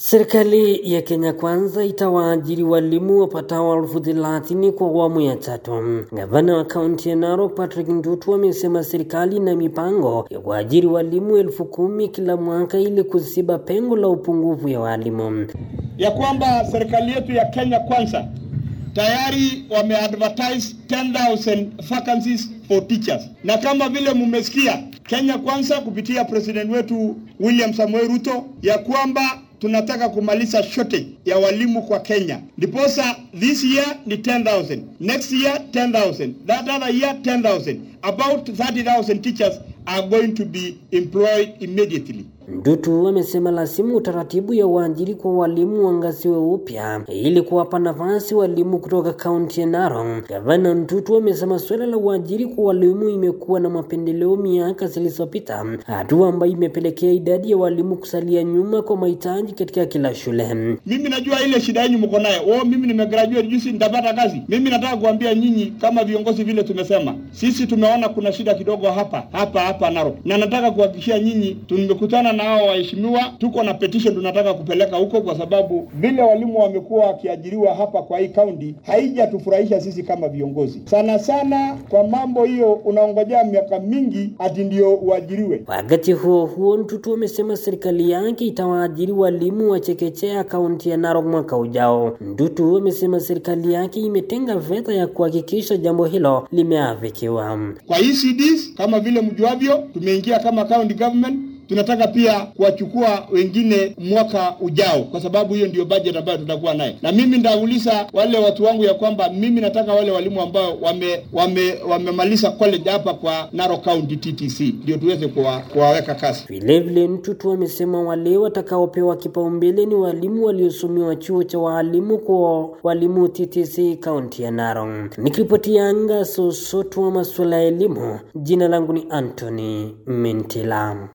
Serikali ya Kenya Kwanza itawaajiri walimu wapatao elfu thelathini kwa awamu ya tatu. Gavana wa kaunti ya Narok Patrick Ndutu amesema serikali ina mipango ya kuajiri walimu elfu kumi kila mwaka ili kusiba pengo la upungufu ya walimu, ya kwamba serikali yetu ya Kenya Kwanza tayari wameadvertise 10000 vacancies for teachers, na kama vile mmesikia Kenya Kwanza kupitia president wetu William Samoei Ruto ya kwamba tunataka kumaliza shortage ya walimu kwa Kenya. Ndiposa this year ni 10,000, next year 10,000, that other year 10,000. About 30,000 teachers are going to be employed immediately. Mdutu amesema lasimu utaratibu ya uajiri kwa walimu wangaziwe upya ili kuwapa nafasi walimu kutoka kaunti ya Narok. Gavana Ndutu amesema suala la uajiri kwa walimu imekuwa na mapendeleo miaka zilizopita, hatua ambayo imepelekea idadi ya walimu kusalia nyuma kwa mahitaji katika kila shule. Mimi najua ile shida yenu mko nayo. Oh, mimi nimegraduate juzi nitapata kazi. Mimi nataka kuambia nyinyi kama viongozi, vile tumesema sisi tumeona kuna shida kidogo hapa hapa hapa Narok, na nataka kuhakikishia nyinyi tumekutana na hao waheshimiwa, tuko na petition tunataka kupeleka huko, kwa sababu vile walimu wamekuwa wakiajiriwa hapa kwa hii kaunti haijatufurahisha sisi kama viongozi, sana sana kwa mambo hiyo, unaongojea miaka mingi ati ndio uajiriwe. Wakati huo huo, Ntutu amesema serikali yake itawaajiri walimu wa chekechea kaunti ya Narok mwaka ujao. Ntutu amesema serikali yake imetenga fedha ya kuhakikisha jambo hilo limeafikiwa kwa ECDs. Kama vile mjuavyo, tumeingia kama county government Tunataka pia kuwachukua wengine mwaka ujao, kwa sababu hiyo ndio budget ambayo tutakuwa naye, na mimi nitauliza wale watu wangu ya kwamba mimi nataka wale walimu ambao wame wamemaliza college hapa kwa Narok County TTC ndio tuweze kuwaweka kazi. Vilevile, Mtutu amesema wale watakaopewa kipaumbele ni walimu waliosomewa chuo cha walimu kwa walimu TTC kaunti ya Narok. Nikiripotia anga sosotu wa masuala ya elimu, jina langu ni Anthony Mintila.